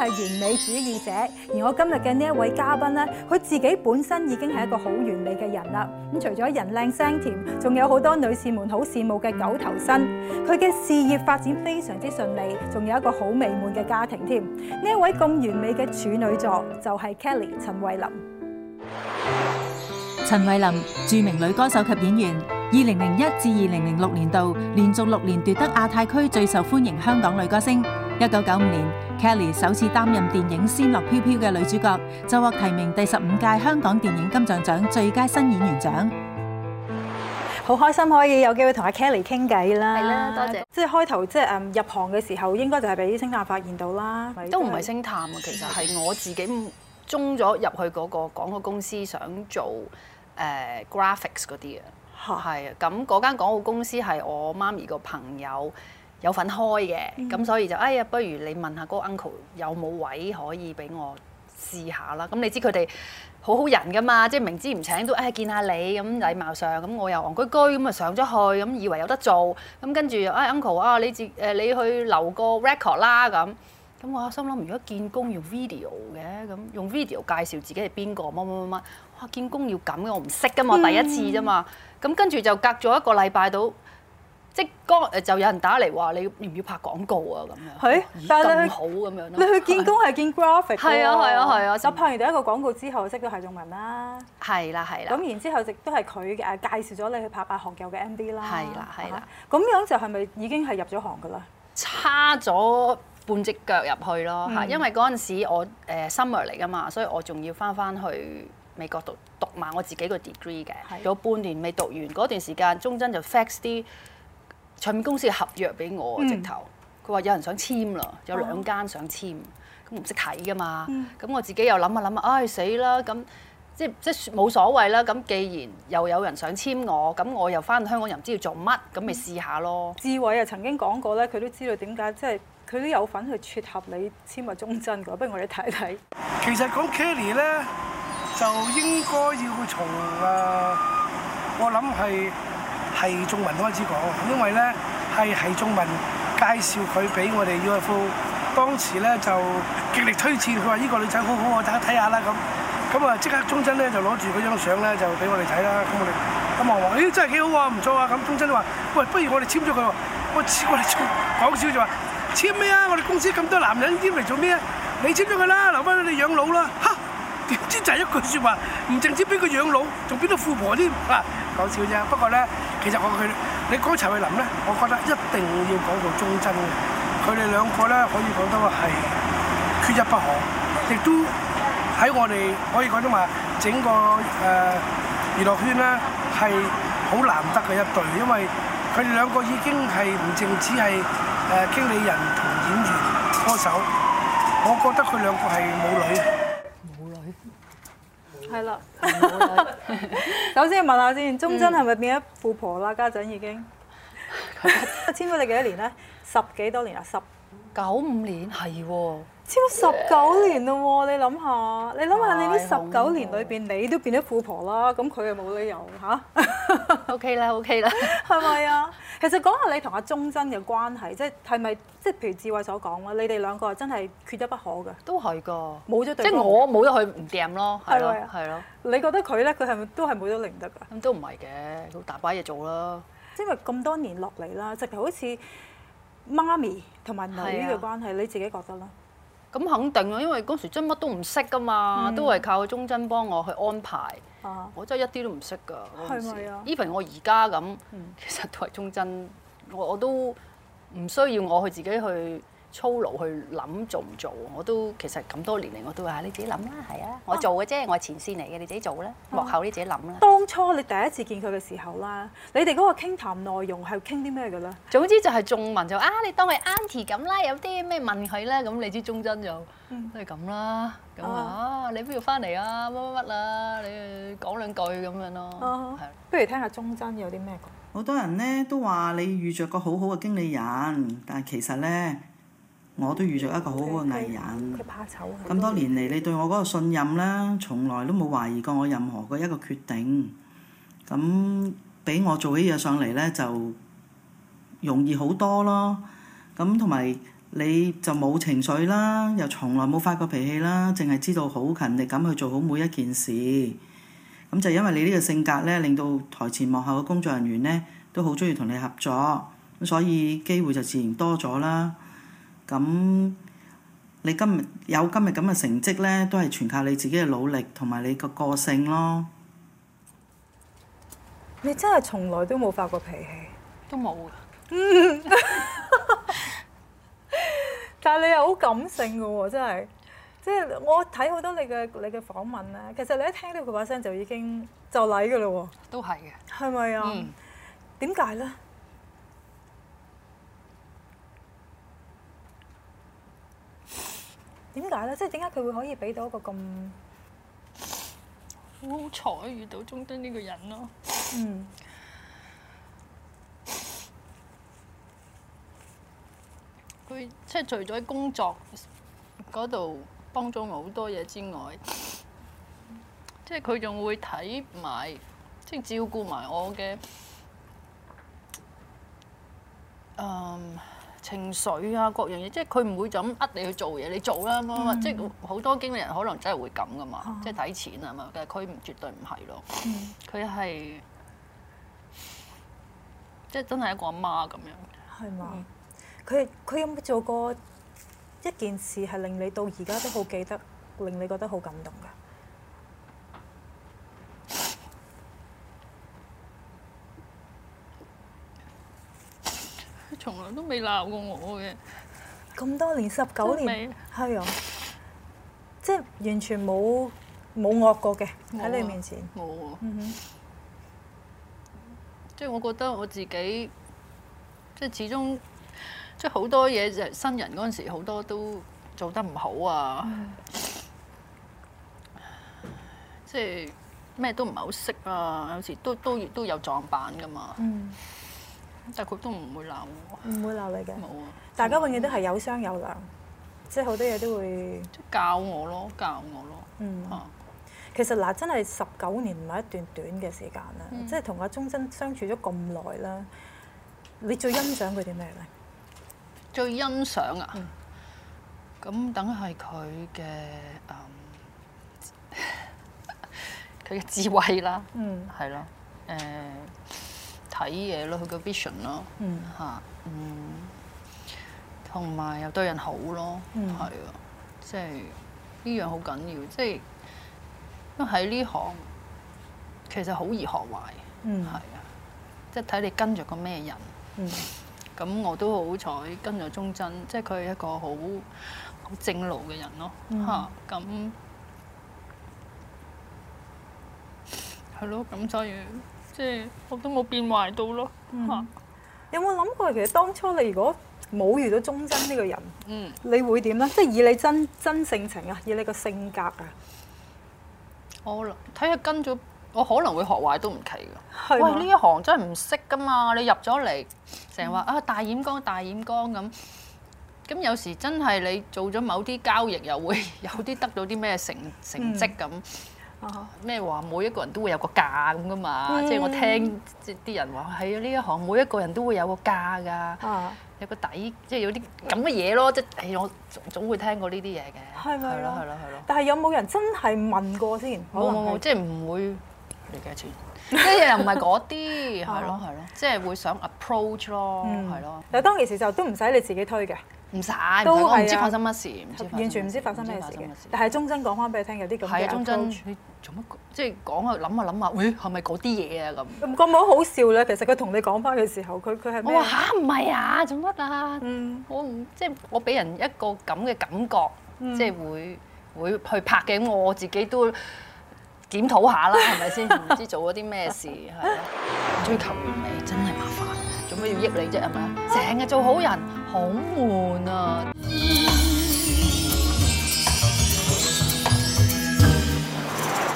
係完美主義者，而我今日嘅呢一位嘉賓呢，佢自己本身已經係一個好完美嘅人啦。咁除咗人靚聲甜，仲有好多女士們好羨慕嘅九頭身，佢嘅事業發展非常之順利，仲有一個好美滿嘅家庭添。呢一位咁完美嘅處女座就係 Kelly 陳慧琳。陳慧琳，著名女歌手及演員，二零零一至二零零六年度連續六年奪得亞太區最受歡迎香港女歌星。一九九五年，Kelly 首次擔任電影《仙樂飄飄》嘅女主角，就獲提名第十五屆香港電影金像獎最佳新演員獎。好開心可以有機會同阿 Kelly 傾偈啦！係啦，多謝。即係開頭，即係誒入行嘅時候，應該就係畀啲星探發現到啦。都唔係星探啊，其實係我自己中咗入去嗰個廣告公司，想做誒 graphics 嗰啲啊。係啊，咁嗰間廣告公司係我媽咪個朋友，有份開嘅，咁、嗯、所以就哎呀，不如你問下嗰個 uncle 有冇位可以俾我試下啦。咁你知佢哋好好人噶嘛，即係明知唔請都哎見下你咁禮貌上，咁、嗯、我又戇居居咁啊上咗去，咁以為有得做，咁跟住哎 uncle 啊，你自誒、呃、你去留個 record 啦、啊、咁。咁我心諗，如果見工用 video 嘅，咁用 video 介紹自己係邊個乜乜乜乜，哇見工要咁嘅，我唔識噶嘛，第一次啫嘛。咁跟住就隔咗一個禮拜到。即係剛就有人打嚟話你要唔要拍廣告啊咁樣，但係好咁樣，你去見工係見 graphic，係啊係啊係啊，就拍完第一個廣告之後識到何眾文啦，係啦係啦，咁然之後亦都係佢誒介紹咗你去拍八學友嘅 M V 啦，係啦係啦，咁樣就係咪已經係入咗行㗎啦？差咗半隻腳入去咯嚇，因為嗰陣時我誒 summer 嚟㗎嘛，所以我仲要翻翻去美國讀讀埋我自己個 degree 嘅，有半年未讀完嗰段時間，中真就 fax 啲。唱片公司嘅合約俾我直頭，佢話、嗯、有人想簽啦，有兩間想簽，咁唔識睇噶嘛，咁、嗯、我自己又諗下諗下，唉死啦，咁即即冇所謂啦，咁既然又有人想簽我，咁我又翻到香港又唔知要做乜，咁咪試下咯。志偉呀曾經講過咧，佢都知道點解即係佢都有份去撮合你簽埋忠真嘅，不如我哋睇睇。其實講 Kelly 咧，就應該要從誒，我諗係。係中文開始講，因為咧係係中文介紹佢俾我哋 UFO，當時咧就極力推薦，佢話呢個女仔好好喎，大家睇下啦咁，咁啊即刻忠真咧就攞住嗰張相咧就俾我哋睇啦，咁我哋咁話話咦真係幾好啊，唔錯啊，咁、啊、忠真話喂，不如我哋簽咗佢喎，我我哋講笑就話簽咩啊？我哋公司咁多男人簽嚟做咩啊？你簽咗佢啦，留翻你養老啦，嚇！即就係一句説話，唔淨止俾佢養老，仲俾到富婆添啊！講笑啫。不過咧，其實我佢你講陳慧琳咧，我覺得一定要講到忠貞嘅。佢哋兩個咧可以講得係缺一不可，亦都喺我哋可以講得話整個誒、呃、娛樂圈咧係好難得嘅一對，因為佢哋兩個已經係唔淨止係誒、呃、經理人同演員歌手。我覺得佢兩個係母女。係啦，對 首先問，問下先，鐘真係咪變咗富婆啦？家陣已經簽咗、嗯、 你幾多年咧？十幾多年啊，十。九五年係超十九年啦喎！你諗下，你諗下，你呢十九年裏邊，你都變咗富婆啦，咁佢又冇理由吓 OK 啦，OK 啦，係咪啊？其實講下你同阿忠真嘅關係，即係係咪即係譬如智慧所講啦，你哋兩個係真係缺一不可嘅。都係㗎，冇咗對即係我冇得去唔掂咯，係咯，係咯。你覺得佢咧，佢係咪都係冇咗靈得㗎？咁都唔係嘅，都大把嘢做啦。因為咁多年落嚟啦，尤其好似。媽咪同埋女嘅關係，啊、你自己覺得啦？咁肯定咯，因為嗰時真乜都唔識噶嘛，嗯、都係靠忠真幫我去安排。啊！我真係一啲都唔識噶，嗰陣時。Even、啊、我而家咁，嗯、其實都係忠真，我我都唔需要我去自己去。粗魯去諗做唔做？我都其實咁多年嚟，我都話嚇你自己諗啦，係啊，我做嘅啫，我係前線嚟嘅，你自己做啦，幕後你自己諗啦。當初你第一次見佢嘅時候啦，你哋嗰個傾談內容係傾啲咩㗎咧？總之就係眾民就啊，你當係 uncle 咁啦，有啲咩問佢啦，咁你知忠貞就都係咁啦。咁啊，你邊度翻嚟啊？乜乜乜啊？你講兩句咁樣咯，係。不如聽下忠貞有啲咩講？好多人咧都話你遇著個好好嘅經理人，但係其實咧。我都遇着一個好好嘅藝人，咁、嗯、多年嚟你對我嗰個信任啦，從來都冇懷疑過我任何嘅一個決定，咁俾我做起嘢上嚟咧就容易好多咯。咁同埋你就冇情緒啦，又從來冇發過脾氣啦，淨係知道好勤力咁去做好每一件事。咁就因為你呢個性格咧，令到台前幕後嘅工作人員咧都好鍾意同你合作，咁所以機會就自然多咗啦。咁你今日有今日咁嘅成績呢，都係全靠你自己嘅努力同埋你個個性咯。你真係從來都冇發過脾氣，都冇嘅。但係你又好感性嘅喎、哦，真係，即係我睇好多你嘅你嘅訪問呢，其實你一聽到佢把聲就已經就嚟嘅啦喎。都係嘅。係咪啊？點解、嗯、呢？點解咧？即係點解佢會可以俾到一個咁好彩遇到中登呢個人咯？嗯，佢即係除咗喺工作嗰度幫咗我好多嘢之外，即係佢仲會睇埋即係照顧埋我嘅，嗯、um。情緒啊，各樣嘢，即係佢唔會就咁扼你去做嘢，你做啦咁、嗯、即係好多經理人可能真係會咁㗎嘛，即係睇錢啊嘛，但係佢唔絕對唔係咯，佢係即係真係一個阿媽咁樣。係嘛嗎？佢佢、嗯、有冇做過一件事係令你到而家都好記得，令你覺得好感動㗎？從來都未鬧過我嘅，咁多年十九年，係未，哎、啊，即係完全冇冇惡過嘅喺你面前。冇，啊嗯、哼即係我覺得我自己，即係始終，即係好多嘢就係新人嗰陣時，好多都做得唔好啊，嗯，即係咩都唔係好識啊，有時都都都有撞板㗎嘛。嗯但佢都唔會鬧我會，唔會鬧你嘅，冇啊！大家永遠都係有商有量，嗯、即係好多嘢都會即係教我咯，教我咯。嗯，嗯、其實嗱，真係十九年唔係一段短嘅時間啦，嗯、即係同阿忠真相處咗咁耐啦，你最欣賞佢啲咩咧？最欣賞啊？嗯。咁等係佢嘅，佢嘅智慧啦。嗯。係咯。誒、嗯。睇嘢咯，佢個 vision 咯、嗯，吓，嗯，同埋又對人好咯，係啊、嗯，即係呢樣好緊要，即係、嗯就是、因為喺呢行其實好易學壞，嗯，係啊，即係睇你跟住個咩人，嗯，咁我都好彩跟咗忠真，即係佢係一個好好正路嘅人咯，吓、嗯，咁係咯，咁所以。我都冇變壞到咯嚇，有冇諗過其實當初你如果冇遇到忠真呢個人，嗯，你會點咧？即係以你真真性情啊，以你個性格啊，我睇下跟咗我可能會學壞都唔奇噶。喂嗎，呢一行真係唔識噶嘛？你入咗嚟成日話啊大染光大染光咁，咁有時真係你做咗某啲交易又會有啲得到啲咩成成，成績咁。咩話？每一個人都會有個價咁噶嘛？嗯、即係我聽啲人話喺呢一行，每一個人都會有個價㗎，嗯、有個底，即係有啲咁嘅嘢咯。即係、哎、我總會聽過呢啲嘢嘅，係咯係咯係咯。但係有冇人真係問過先？冇冇冇，即係唔會。你幾多錢？即係又唔係嗰啲，係咯係咯，即係會想 approach 咯，係咯。但係當其時就都唔使你自己推嘅，唔使，都唔知發生乜事，完全唔知發生咩事。但係忠真講翻俾你聽，有啲咁嘅。係忠真，你做乜？即係講啊，諗下，諗下，喂，係咪嗰啲嘢啊咁？咁咁好好笑呢！其實佢同你講翻嘅時候，佢佢係咩啊？嚇唔係啊！做乜啊？嗯，我唔即係我俾人一個咁嘅感覺，即係會會去拍嘅。咁我自己都。檢討下啦，係咪先？唔 知做咗啲咩事係啊？ 追求完美真係麻煩，做咩要益你啫？係咪啊？成日做好人，好悶啊！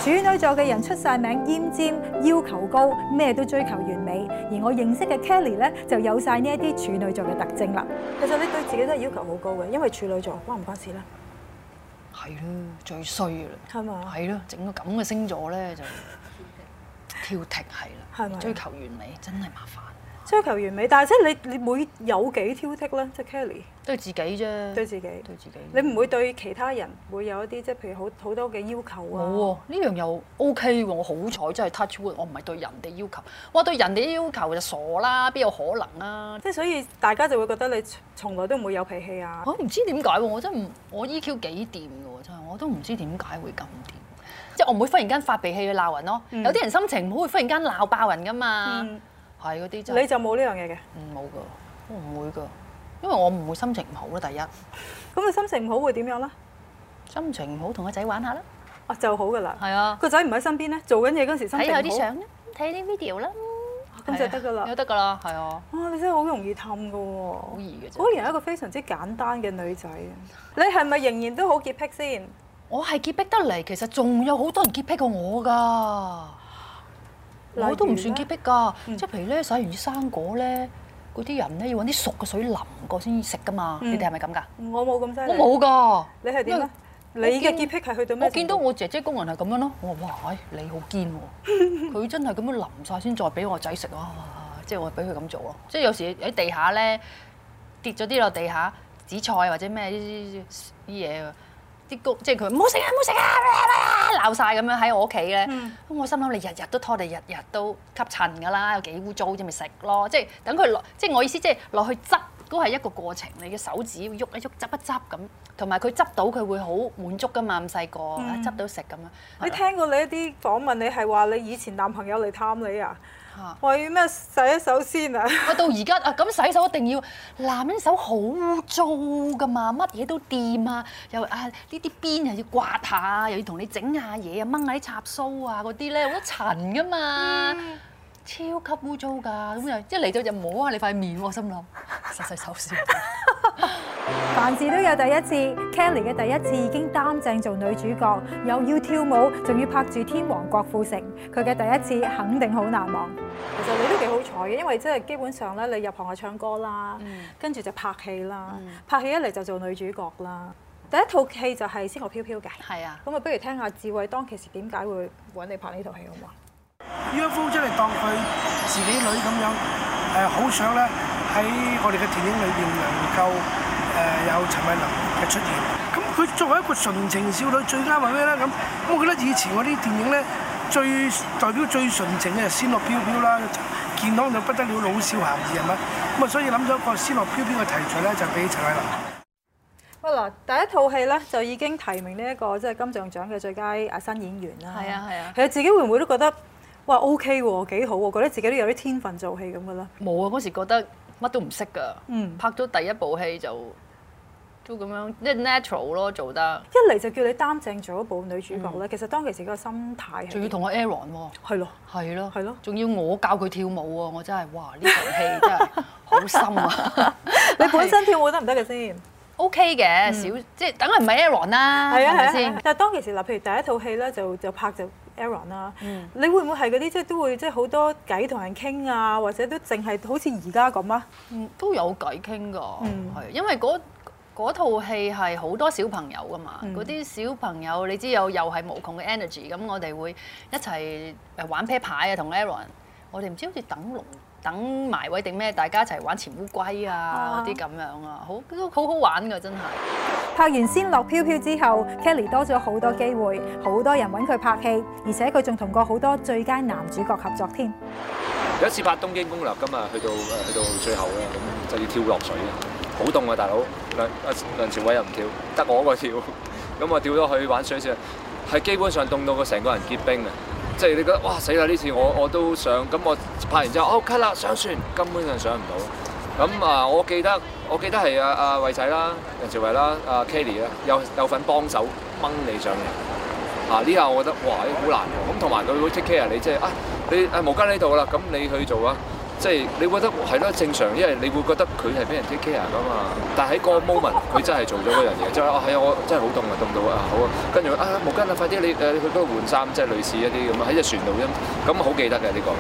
處 女座嘅人出晒名，奄尖，要求高，咩都追求完美。而我認識嘅 Kelly 咧，就有晒呢一啲處女座嘅特徵啦。其實你對自己都係要求好高嘅，因為處女座關唔關事啦。係咯，最衰嘅啦。係嘛吧？係咯，整個咁嘅星座咧，就挑剔係啦，吧追求完美真係麻煩。追求完美，但係即係你你會有幾挑剔咧？即係 Kelly 對自己啫，對自己，對自己。你唔會對其他人會有一啲即係譬如好好多嘅要求啊？冇喎、哦，呢樣又 OK 喎。我好彩真係 touch wood，我唔係對人哋要求。我對人哋要求就傻啦，邊有可能啊？即係所以大家就會覺得你從來都唔會有脾氣啊？我唔、啊、知點解喎，我真係唔，我 EQ 幾掂㗎喎，真係我都唔知點解會咁掂。即係我唔會忽然間發脾氣去鬧人咯、啊。嗯、有啲人心情唔好，會忽然間鬧爆人㗎嘛、啊。嗯係啲就你就冇呢樣嘢嘅，唔冇噶，我唔會噶，因為我唔會心情唔好啦。第一，咁你心情唔好會點樣咧？心情唔好同個仔玩下啦，啊就好噶啦，係啊，個仔唔喺身邊咧，做緊嘢嗰陣時身邊有啲相咧，睇啲 video 啦，咁就得噶啦，有得噶啦，係啊，哇你真係好容易氹噶喎，易好易嘅啫，好似係一個非常之簡單嘅女仔 你係咪仍然都好潔癖先？我係潔癖得嚟，其實仲有好多人潔癖過我㗎。我都唔算潔癖㗎，即係、嗯、譬如咧洗完啲生果咧，嗰啲人咧要揾啲熟嘅水淋過先食噶嘛。嗯、你哋係咪咁㗎？我冇咁犀利。我冇㗎。你係點咧？為你嘅潔癖係去到咩？我見到我姐姐工人係咁樣咯，我話哇，哎、你好堅喎！佢 真係咁樣淋晒先再俾我仔食啊，就是、即係我俾佢咁做啊！即係有時喺地下咧跌咗啲落地下紫菜或者咩啲嘢。啲公即係佢話唔好食啊，唔好食啊，鬧曬咁樣喺我屋企咧，我心諗你日日都拖地，日日都吸塵㗎啦，有幾污糟先咪食咯，即係等佢落即係我意思即係落去執都係一個過程，你嘅手指喐一喐執一執咁，同埋佢執到佢會好滿足噶嘛，咁細個執到食咁樣。你聽過你一啲訪問你係話你以前男朋友嚟探你啊？我要咩？洗手先啊！我到而家啊，咁洗手一定要男人手好污糟噶嘛，乜嘢都掂啊，又啊呢啲邊又要刮下，又要同你整下嘢啊，掹下啲插須啊嗰啲咧好多塵噶嘛，嗯、超級污糟噶，咁、嗯、又一嚟到就摸下你塊面，我心諗、啊、洗洗手先。 凡事都有第一次，Kelly 嘅第一次已經擔正做女主角，又要跳舞，仲要拍住天王郭富城，佢嘅第一次肯定好難忘。其實你都幾好彩嘅，因為即係基本上咧，你入行係唱歌啦，跟住，嗯、就拍戲啦，嗯、拍戲一嚟就做女主角啦。第一套戲就係，是《仙樂飄飄》嘅，係啊。咁啊，不如聽下智慧當其時點解會搵你拍呢套戲好嘛？呢一夫真係當佢自己女咁樣，誒、呃，好想咧喺我哋嘅電影裏邊能夠。誒、呃，有陳慧琳嘅出現，咁、嗯、佢作為一個純情少女，最佳為咩咧？咁、嗯，我覺得以前我啲電影咧，最代表最純情嘅、就係《仙樂飄飄》啦，健康就不得了，老少咸宜啊嘛，咁、嗯、啊，所以諗咗一個《仙樂飄飄》嘅題材咧，就俾陳慧琳。喂，嗱，第一套戲咧就已經提名呢一個即係金像獎嘅最佳啊新演員啦。係啊係啊。係啊，自己會唔會都覺得哇 OK 喎，啊，幾好喎，啊？覺得自己都有啲天分做戲咁噶啦。嗯，冇啊，嗰時覺得乜都唔識噶，嗯，mm. 拍咗第一部戲就。都咁樣，即係 natural 咯，做得一嚟就叫你擔正做一部女主角咧。其實當其時個心態仲要同阿 Aaron 喎，係咯，係咯，係咯，仲要我教佢跳舞喎，我真係哇！呢套戲真係好深啊！你本身跳舞得唔得嘅先？OK 嘅，小即係等佢唔係 Aaron 啦，係咪先？但係當其時嗱，譬如第一套戲咧，就就拍就 Aaron 啦。你會唔會係嗰啲即係都會即係好多偈同人傾啊？或者都淨係好似而家咁啊？都有偈傾㗎，係因為嗰。嗰套戲係好多小朋友噶嘛，嗰啲、嗯、小朋友你知有又係無窮嘅 energy，咁我哋會一齊誒玩啤牌啊，同 Aaron，我哋唔知好似等龍、等埋位定咩，大家一齊玩潛烏龜啊嗰啲咁樣啊，好都好好玩㗎真係。拍完《仙樂飄飄》之後，Kelly 多咗好多機會，好多人揾佢拍戲，而且佢仲同過好多最佳男主角合作添。有一次拍《東京攻略》，今日去到去到最後咧，咁就要跳落水。好凍啊，大佬！梁梁朝偉又唔跳，得我個跳。咁我跳咗去玩水先，係基本上凍到個成個人結冰啊！即、就、係、是、你覺得哇死啦！呢次我我都想咁我拍完之後，OK 啦、哦，上船根本就上唔到。咁啊，我記得我記得係阿阿偉仔啦、梁朝偉啦、阿 Kelly 啊，ly, 有有份幫手掹你上嚟。啊呢下我覺得哇，好難喎！咁同埋佢會 take care you，啊、你，即係啊你啊毛巾呢度啦，咁你去做啊。即係你覺得係咯正常，因為你會覺得佢係俾人 take care 噶嘛。但喺個 moment 佢 真係做咗嗰樣嘢，就係哦係我真係好凍啊，凍到啊好啊，跟住啊毛巾快你啊快啲你誒去嗰度換衫，即係類似一啲咁啊喺隻船度啫，咁好記得嘅呢個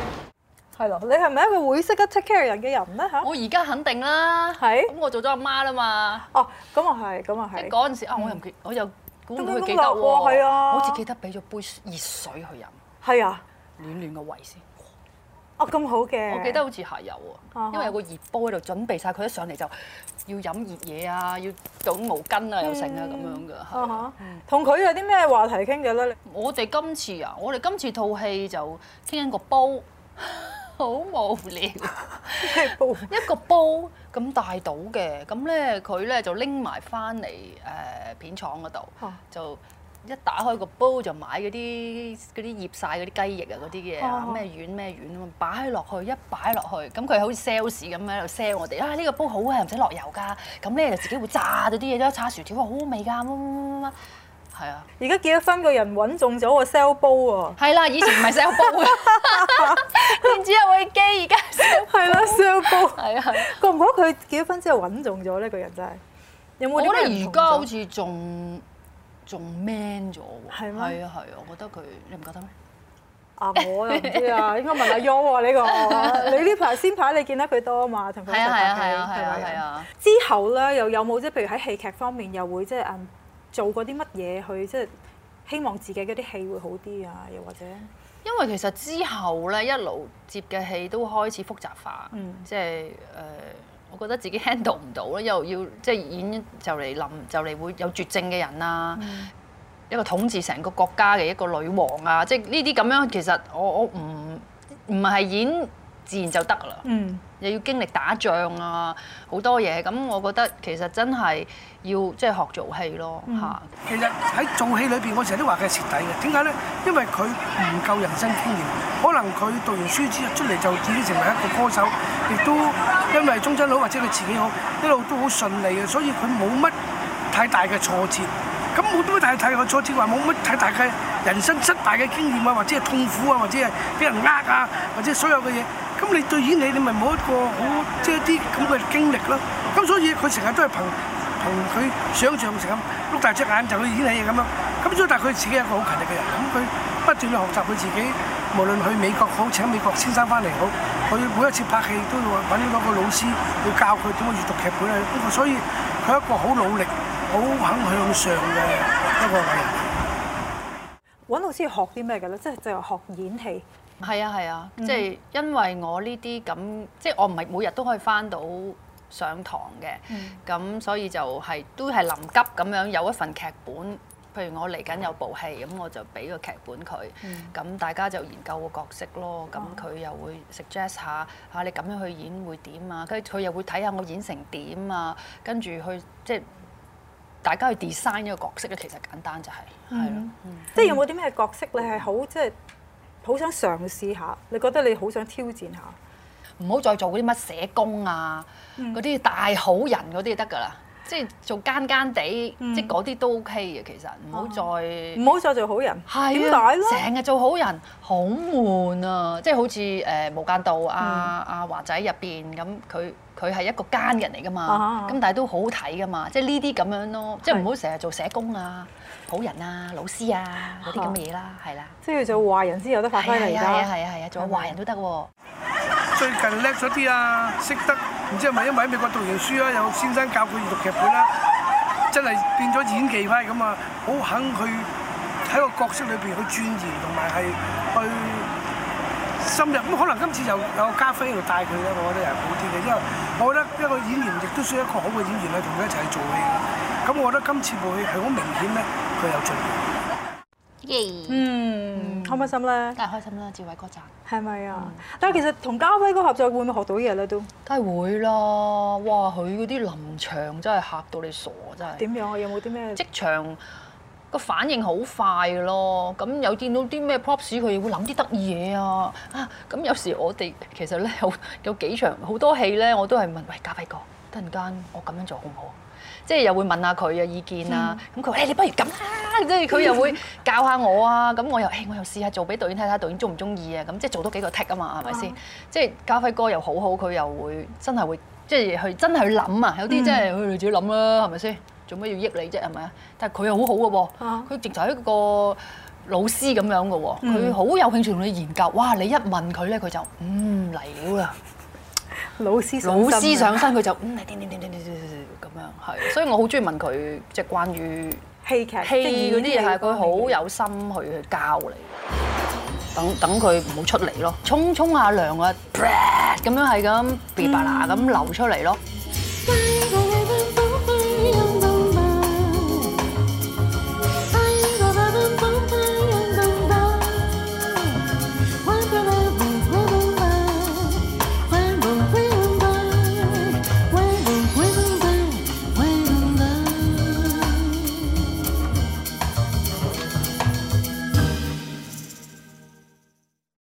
係咯，你係咪一個會識得 take care 人嘅人咧嚇？啊、我而家肯定啦，係咁的我做咗阿媽啦嘛。哦咁啊係，咁啊係。即係嗰陣時啊，我又唔記得，嗯、我又估佢記得喎。係、嗯、啊，啊好似記得俾咗杯熱水去飲。係啊的，的暖暖個胃先。咁、哦、好嘅，我記得好似係有啊，因為有個熱煲喺度準備晒。佢一上嚟就要飲熱嘢啊，要倒毛巾啊，又剩啊咁樣噶。同佢、嗯、的有啲咩話題傾嘅咧？我哋今次啊，我哋今次套戲就傾緊個煲， 好無聊。 煲 一個煲咁大到嘅，咁咧佢咧就拎埋翻嚟誒片廠嗰度，啊、就。一打開個煲就買嗰啲嗰啲醃晒嗰啲雞翼啊嗰啲嘢啊咩丸咩丸，擺起落去一擺落去，咁佢好似 sales 咁喺度 sell 我哋啊，呢個煲好啊，唔使落油㗎，咁咧就自己會炸到啲嘢咯，炸薯條好好味㗎，乜乜乜乜乜，係啊！而家結咗婚個人穩重咗個 sell 煲啊，係啦，以前唔係 sell 煲， 啊，電子遊戲機而家係啦 sell 煲，係啊，覺唔 覺得佢結咗婚之後人家人家穩重咗呢個人真係，冇有有覺得而 家，人家有有得好似仲。仲 man 咗喎，係啊係啊，我覺得佢，你唔覺得咩？啊，我又唔知 問啊，應該問阿 yo 喎呢個。 你呢排先排你見得佢多啊嘛，同佢一齊拍戲係啊係啊。啊啊啊啊啊之後咧又有冇即係譬如喺戲劇方面又會即係、嗯、做過啲乜嘢去即係希望自己嗰啲戲會好啲啊？又或者因為其實之後咧一路接嘅戲都開始複雜化，嗯、就是，即係誒。我覺得自己 handle 唔到咧，又要即係演就嚟臨就嚟會有絕症嘅人啊，嗯、一個統治成個國家嘅一個女王啊，即係呢啲咁樣其實我我唔唔係演自然就得啦，嗯、又要經歷打仗啊好多嘢，咁我覺得其實真係要即係學做戲咯嚇。嗯、其實喺做戲裏邊，我成日都話佢係蝕底嘅，點解咧？因為佢唔夠人生經驗，可能佢讀完書之後出嚟就自己成為一個歌手。亦都因為中產佬或者佢自己好一路都好順利嘅，所以佢冇乜太大嘅挫折。咁冇乜太大嘅挫折，話冇乜太大嘅人生失敗嘅經驗啊，或者係痛苦啊，或者係俾人呃啊，或者所有嘅嘢。咁你對於你，你咪冇一個好即係啲咁嘅經歷咯。咁所以佢成日都係憑同佢想像成咁碌大隻眼，就去演戲咁樣。咁所以但係佢自己係一個好勤力嘅人，咁佢不斷去學習佢自己。無論去美國好，請美國先生翻嚟好，佢每一次拍戲都要揾嗰個老師去教佢點樣閲讀劇本啊！咁啊，所以佢一個好努力、好肯向上嘅一個人。揾老師要學啲咩嘅咧？即係就係學演戲。係啊係啊，啊嗯、即係因為我呢啲咁，即係我唔係每日都可以翻到上堂嘅，咁、嗯、所以就係、是、都係臨急咁樣有一份劇本。譬如我嚟緊有部戲，咁我就俾個劇本佢，咁、嗯、大家就研究個角色咯。咁佢、嗯、又會 suggest 下，嚇你咁樣去演會點啊？跟住佢又會睇下我演成點啊？跟住去即係大家去 design 呢個角色咧，其實簡單就係係咯，嗯嗯、即係有冇啲咩角色你係好即係好想嘗試下？你覺得你好想挑戰下？唔好再做嗰啲乜社工啊，嗰啲、嗯、大好人嗰啲就得㗎啦。即係做奸奸地，即係嗰啲都 OK 嘅其實，唔好再唔好再做好人，點解咧？成日做好人好悶啊！即係好似誒《無間道》啊啊華仔入邊咁，佢佢係一個奸人嚟噶嘛，咁但係都好好睇噶嘛。即係呢啲咁樣咯，即係唔好成日做社工啊、好人啊、老師啊嗰啲咁嘅嘢啦，係啦。即係做壞人先有得發揮㗎，係啊係啊係啊，做壞人都得喎。最近叻咗啲啊，識得。唔知係咪因為喺美國讀完書啦，有先生教佢閱讀劇本啦，真係變咗演技派咁啊，好肯去喺個角色裏邊去鑽研同埋係去深入。咁可能今次有有家輝喺度帶佢咧，我覺得又好啲嘅。因為我覺得一個演員亦都需要一個好嘅演員去同佢一齊做戲。咁我覺得今次部戲係好明顯咧，佢有進步。Yeah. 嗯，開唔開心咧？梗係開心啦，志偉哥讚，係咪啊？嗯、但係其實同嘉輝哥合作會唔會學到嘢咧？都梗係會咯！哇，佢嗰啲臨場真係嚇到你傻，真係點樣啊？有冇啲咩即場個反應好快咯？咁有見到啲咩 props，佢會諗啲得意嘢啊！啊，咁有時我哋其實咧有有幾場好多戲咧，我都係問：喂，嘉輝哥，突然間我咁樣做好唔好？即係又會問下佢嘅意見啊，咁佢話誒你不如咁啦，即係佢又會教下我啊，咁我又誒我又試下做俾導演睇下導演中唔中意啊，咁即係做多幾個 take 啊嘛，係咪先？即係家輝哥又好好，佢又會真係會即係去真係去諗啊，有啲即係佢自己諗啦，係咪先？做咩要益你啫？係咪啊？但係佢又好好嘅喎，佢直頭係一個老師咁樣嘅喎，佢好、嗯、有興趣同你研究。哇！你一問佢咧，佢就嗯嚟料啦，老師老師上身佢就嗯嚟點點點。係，所以我好中意問佢，即係關於戲劇、戲嗰啲嘢，係佢好有心去去教你，等等佢唔好出嚟咯，沖沖下涼啊，咁樣係咁，鼻白嗱咁流出嚟咯。